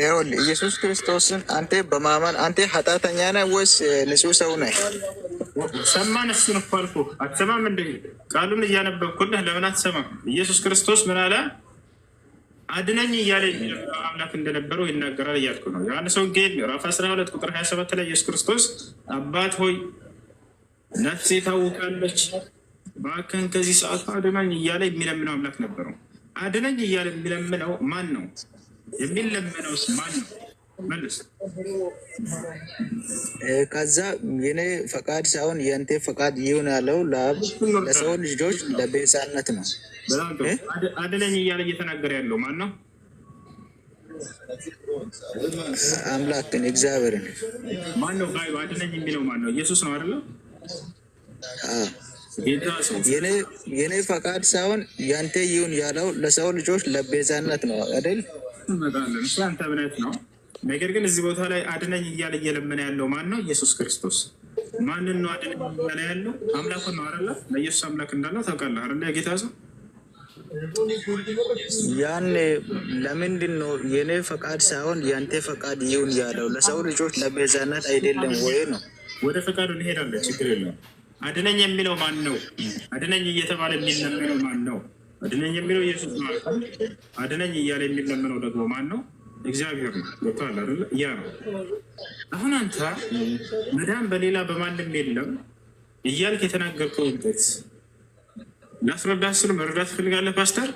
ይኸውልህ ኢየሱስ ክርስቶስን አንተ በማመን አንተ ኃጢአተኛ ነህ ወይስ ንጹህ ሰው ነህ? ሰማን። እሱን እኮ አልኩህ። አትሰማም እንዴ? ቃሉን እያነበብኩልህ ለምን አትሰማም? ኢየሱስ ክርስቶስ ምን አለ? አድነኝ እያለ አምላክ እንደነበረው ይናገራል እያልኩ ነው። ዮሐንስ ወንጌል ምዕራፍ 12 ቁጥር 27 ላይ ኢየሱስ ክርስቶስ አባት ሆይ ነፍሴ ታውቃለች፣ እባክህን ከዚህ ሰዓት አድነኝ እያለ የሚለምነው አምላክ ነበረው። አድነኝ እያለ የሚለምነው ማን ነው? የሚለመነውስ ማን ነው? ከዛ የኔ ፈቃድ ሳይሆን የንቴ ፈቃድ ይሁን ያለው ለአብ ለሰው ልጆች ለቤዛነት ነው። አድነኝ እያለ እየተናገረ ያለው ማን ነው? አምላክን እግዚአብሔርን። ማን ነው ባዩ? አድነኝ የሚለው ማን ነው? ኢየሱስ ነው አይደለም? የኔ ፈቃድ ሳይሆን ያንተ ይሁን ያለው ለሰው ልጆች ለቤዛነት ነው አይደል? እንመጣለን። እሱ አንተ እምነት ነው። ነገር ግን እዚህ ቦታ ላይ አድነኝ እያለ እየለመነ ያለው ማን ነው? ኢየሱስ ክርስቶስ። ማንን ነው አድነኝ እያለ ያለው? አምላኩን ነው አለ። ለኢየሱስ አምላክ እንዳለ ታውቃለህ አለ የጌታ ሰው ያኔ ለምንድን ነው የኔ ፈቃድ ሳይሆን ያንተ ፈቃድ ይሁን ያለው? ለሰው ልጆች ለቤዛነት አይደለም ወይ ነው? ወደ ፈቃዱ እንሄዳለን፣ ችግር የለም። አድነኝ የሚለው ማን ነው? አድነኝ እየተባለ የሚለመነው ማን ነው? አድነኝ የሚለው ኢየሱስ ማለት ነው። አድነኝ እያለ የሚለምነው ደግሞ ማን ነው? እግዚአብሔር ነው። ገብቶሃል አይደለ? ያ ነው። አሁን አንተ መዳን በሌላ በማንም የለም እያልክ የተናገርከው ውጤት ላስረዳ ስል መረዳት ትፈልጋለህ ፓስተር?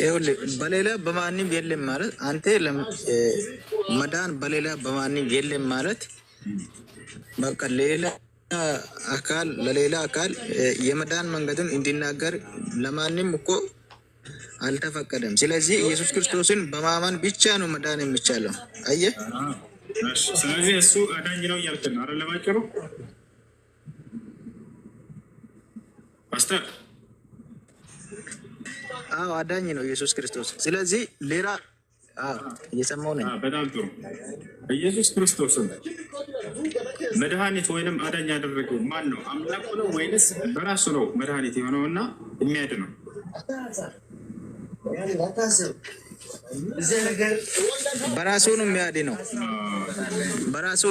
ይኸውልህ በሌላ በማንም የለም ማለት አንተ መዳን በሌላ በማንም የለም ማለት በቃ ሌላ አካል ለሌላ አካል የመዳን መንገድን እንዲናገር ለማንም እኮ አልተፈቀደም። ስለዚህ ኢየሱስ ክርስቶስን በማመን ብቻ ነው መዳን የሚቻለው። አየ ስለዚህ እሱ አዳኝ ነው እያልክን አረ ለማጭሩ ፓስተር፣ አዎ አዳኝ ነው ኢየሱስ ክርስቶስ። ስለዚህ ሌላ እየሰማው ነኝ። በጣም ጥሩ ኢየሱስ ክርስቶስን መድኃኒት ወይንም አዳኝ ያደረገው ማን ነው? አምላኩ ነው ወይንስ በራሱ ነው መድኃኒት የሆነው እና የሚያድ ነው? በራሱ ነው የሚያድ ነው። በራሱ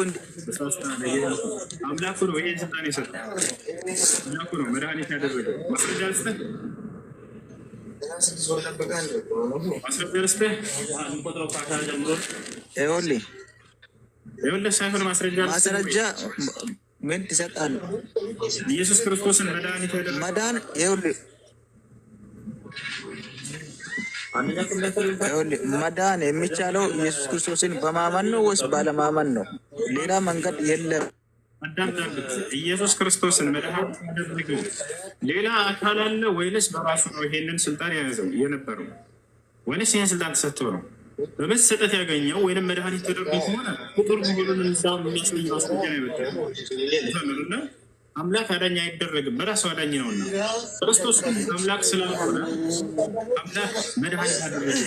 አምላኩ ነው ይሄን ስልጣን የሰጠው አምላኩ ነው መድኃኒት ያደረገው። ማስረጃ ልስጥህ፣ ማስረጃ ልስጥህ ሆሌ የወለድ ሳይሆን ማስረጃ ማስረጃ ምን ይሰጣሉ? ኢየሱስ ክርስቶስን መድኃኒት መዳን መዳን የሚቻለው ኢየሱስ ክርስቶስን በማመን ነው ወይስ ባለማመን ነው? ሌላ መንገድ የለም። ኢየሱስ ክርስቶስን ሌላ አካል አለ ወይንስ በራሱ ነው? ይሄንን ስልጣን የያዘው የነበረው ወይንስ ይህን ስልጣን ተሰጥቶ ነው? በመሰጠት ያገኘው ወይም መድኃኒት ተደርጎ ከሆነ ቁጥር መሆኑን እዛ የሚያሳይ ማስረጃ ይበዳልና አምላክ አዳኝ አይደረግም፣ በራሱ አዳኝ ነውና። ክርስቶስ ግን አምላክ ስላልሆነ አምላክ መድኃኒት አደረገ።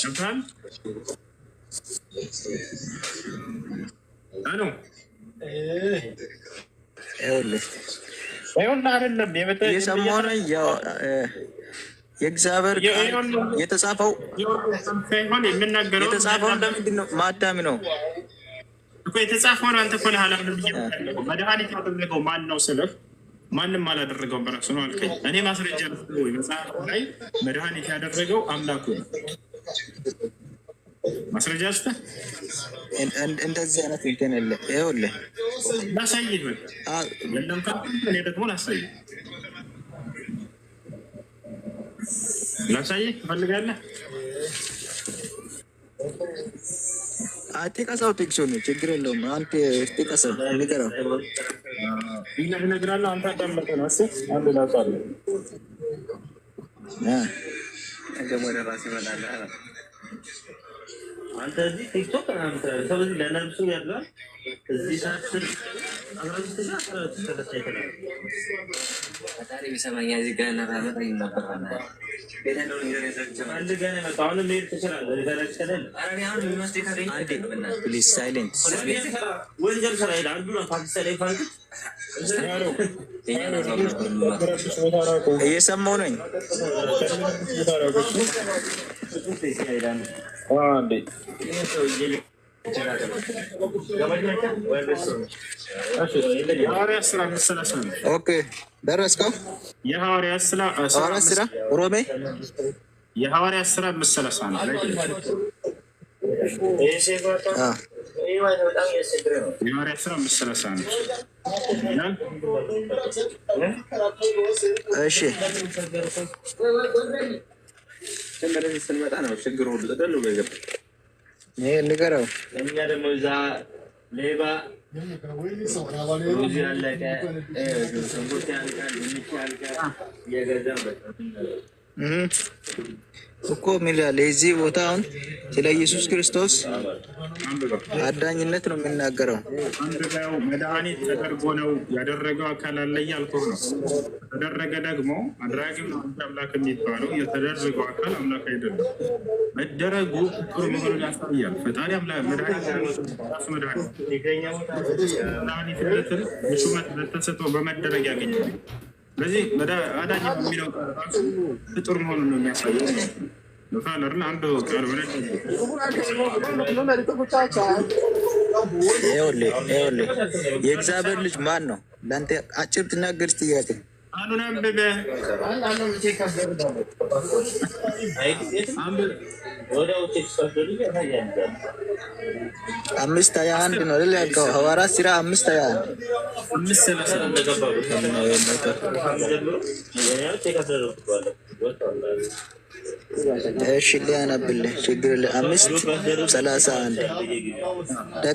ገብቶሃል? አኖ ይሁን አይደለም የመጣ የሰሞኑን የእግዚአብሔር ቃል የተጻፈው የተጻፈው ለምንድን ነው? ማዳሚ ነው እኮ የተጻፈውን። አንተ እኮ ለዓለም መድኃኒት ያደረገው ማን ነው ስልህ ማንም አላደረገውም በራሱ ነው አልከኝ። እኔ ማስረጃ ነው ወይ መጽሐፍ ላይ መድኃኒት ያደረገው አምላኩ ነው። ማስረጃ ስተ እንደዚህ አይነት ልትን ለ ይኸውልህ ላሳይህ ደግሞ ላሳይህ ላሳየህ ትፈልጋለህ? አጤቀሳው ቴክሶን ነው፣ ችግር የለውም። አንተ አጤቀሳው ንገረው፣ ይለህ እነግርሃለሁ። አንተ አዳምጠህ ነው። እስኪ አንድ ላሳለህ አንተ እዚህ ቲክቶክ ሰው እዚህ ለነብሱ ያለው እዚህ አስራ ስድስት ፈጣሪ ቢሰማኝ እዚህ ጋር ለራመጥ ነበር። እየሰማሁ ነኝ። ኦኬ ደረስከው? የሐዋርያት ስራ ሮሜ የሐዋርያት ስራ ምሰለሳ ነው። ነው። ስንመጣ ነው ችግሩ ሁሉ ጠቅልሎ ገባ። ይሄ ንገረው። እኛ ደግሞ እዛ ሌባ ሩዝ ያለቀ ያልቃል፣ ድንች እኮ ሚላል የዚህ ቦታ አሁን ስለ ኢየሱስ ክርስቶስ አዳኝነት ነው የምናገረው። አንድ ሰው መድኃኒት ተደርጎ ነው ያደረገው አካል አለ እያልኩህ ነው። ተደረገ ደግሞ አድራጊው አምላክ የሚባለው የተደረገው አካል አምላክ አይደለም። መደረጉ ጥሩ መሆኑን ያሳያል። ፈጣሪ መድኃኒት መድኃኒትነትን በሹመት በተሰጠው በመደረግ ያገኛል። ስለዚህ አዳኝ የሚለው ፍጡር መሆኑን ነው የሚያሳየው። አንዱ የእግዚአብሔር ልጅ ማን ነው? ለአንተ አጭር ትናገርስ ጥያቄ አኑን አምስት ሀያ አንድ ነው ልል ያልከው ሐዋርያት አምስት ሀያ አንድ እሺ ሊያነብልህ ችግር አምስት ሰላሳ አንድ ደቀ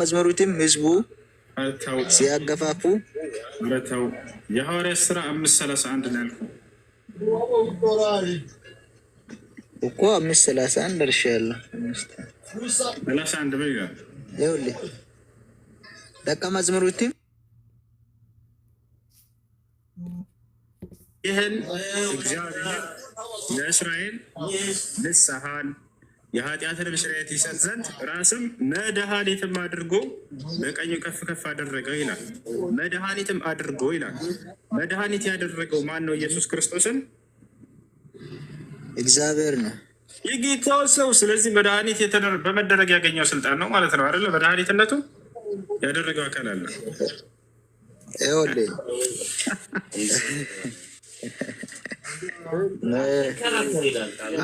መዝሙሩትም ህዝቡ ሲያገፋፉ ኧረ ተው። የሐዋርያት ስራ አምስት ሰላሳ አንድ ነው ያልኩህ እኮ አምስት ሰላሳ አንድ ደርሻለሁ። ሰላሳ አንድ ምን ይላል? ይኸውልህ ደቀ መዝሙሩትም ይህን እግዚአብሔር ለእስራኤል ንስሐን የኃጢአትን ምስርየት ይሰጥ ዘንድ ራስም መድኃኒትም አድርጎ በቀኙ ከፍ ከፍ አደረገው ይላል። መድኃኒትም አድርጎ ይላል። መድኃኒት ያደረገው ማን ነው? ኢየሱስ ክርስቶስን እግዚአብሔር ነው የጌታው ሰው። ስለዚህ መድኃኒት በመደረግ ያገኘው ስልጣን ነው ማለት ነው አይደለ? መድኃኒትነቱ ያደረገው አካል አለ።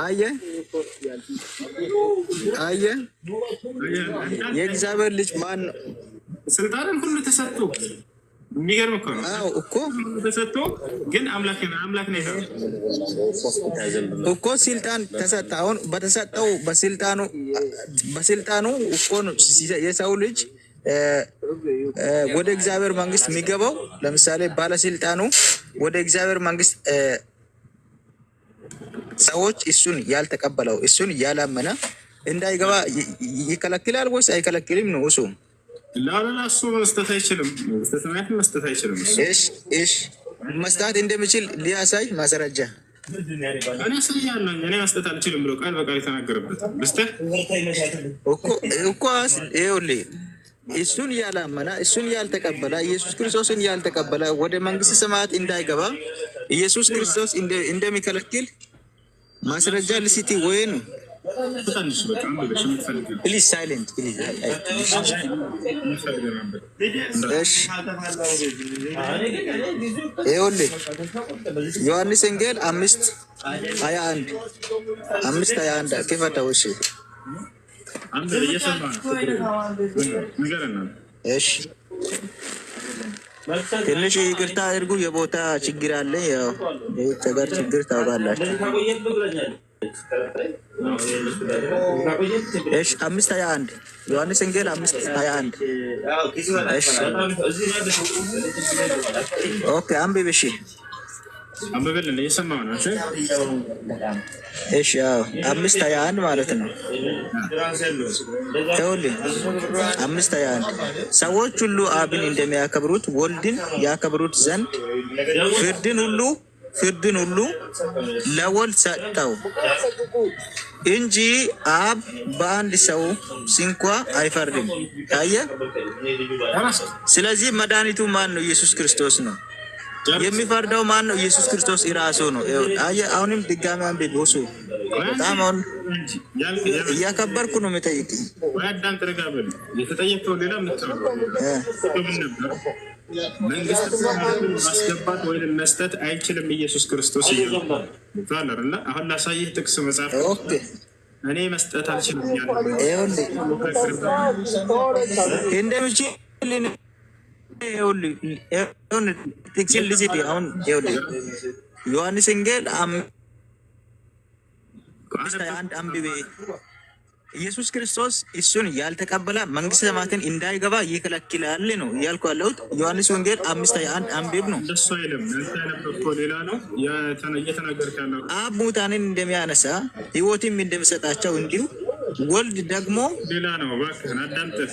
አየ አየህ የእግዚአብሔር ልጅ ማን ነው? ሁሉ ተሰጥቶ የሚገርም እኮ ነው እኮ ተሰጥቶ ግን አምላክ አምላክ ነው እኮ ስልጣን ተሰጠ። አሁን በተሰጠው በስልጣኑ በስልጣኑ እኮ የሰው ልጅ ወደ እግዚአብሔር መንግስት የሚገባው ለምሳሌ ባለስልጣኑ ወደ እግዚአብሔር መንግስት ሰዎች እሱን ያልተቀበለው እሱን ያላመነ እንዳይገባ ይከለክላል ወይስ አይከለክልም? ነው እሱ ላላ እሱ መስጠት አይችልም፣ መስጠት አይችልም። እሺ መስጠት ሊያሳይ ማስረጃ እኔ ስያለኝ እኔ መስጠት አልችልም ብሎ ቃል በቃል የተናገረበት እኮ ይኸውልህ እሱን ያላመና እሱን ያልተቀበለ ኢየሱስ ክርስቶስን ያልተቀበለ ወደ መንግስት ሰማያት እንዳይገባ ኢየሱስ ክርስቶስ እንደሚከለክል ማስረጃ ልስቲ ወይ ነው። ሳይለንት ይኸውልህ ዮሐንስ ወንጌል አምስት ሀያ አንድ አምስት ሀያ አንድ ክፈተው። እሺ እሺ ትንሽ ይቅርታ አድርጉ። የቦታ ችግር አለ። ያው ይህች ሀገር ችግር ታውቃላችሁ። አምስት ሀያ አንድ ዮሐንስ ወንጌል አምስት ሀያ አንድ ኦኬ አንብብ እሺ አንብበልን እየሰማሁ ነው። እሺ አምስት ሀያ አንድ ማለት ነው። ይኸውልህ አምስት ሀያ አንድ ሰዎች ሁሉ አብን እንደሚያከብሩት ወልድን ያከብሩት ዘንድ ፍርድን ሁሉ ፍርድን ሁሉ ለወልድ ሰጠው እንጂ አብ በአንድ ሰው ስንኳ አይፈርድም። ታየ። ስለዚህ መድኃኒቱ ማን ነው? ኢየሱስ ክርስቶስ ነው። የሚፈርደው ማን ነው? ኢየሱስ ክርስቶስ ራሱ ነው። አሁንም ድጋሚ አንድ ቦሱ በጣም አሁን እያከበርኩ ነው የሚጠይቅ መንግስት ማስገባት ወይም መስጠት አይችልም። ኢየሱስ ክርስቶስ እና አሁን ላሳይህ ጥቅስ መጽሐፍ እኔ መስጠት አልችልም ያለ እንደምችል ዮሐንስ ወንጌል ኢየሱስ ክርስቶስ እሱን ያልተቀበለ መንግስተ ሰማያትን እንዳይገባ ይከለክላል ነው እያልኩ ያለሁት። ዮሐንስ ወንጌል አምስት አንድ አንብብ ነው። አብ ሙታንን እንደሚያነሳ ህይወትም እንደሚሰጣቸው እንዲሁ ወልድ ደግሞ ሌላ ነው። እባክህን አዳምጥህ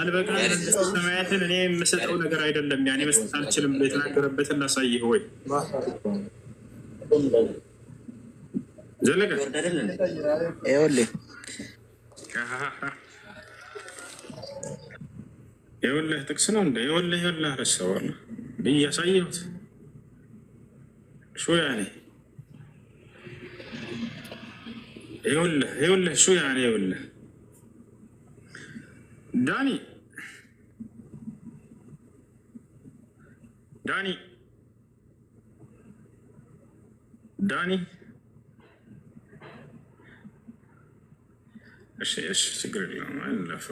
አልበቃ ሰማያትን እኔ የምሰጠው ነገር አይደለም፣ ያኔ መስጠት አልችልም። የተናገረበትን ላሳይህ ወይ ዘለቀ የወለህ ጥቅስ ነው እንደ የወለህ የወለህ ረሰዋል እያሳየሁት ሹ ያኔ يوله يوله شو يعني يوله داني داني داني ايش ايش تقرا اليوم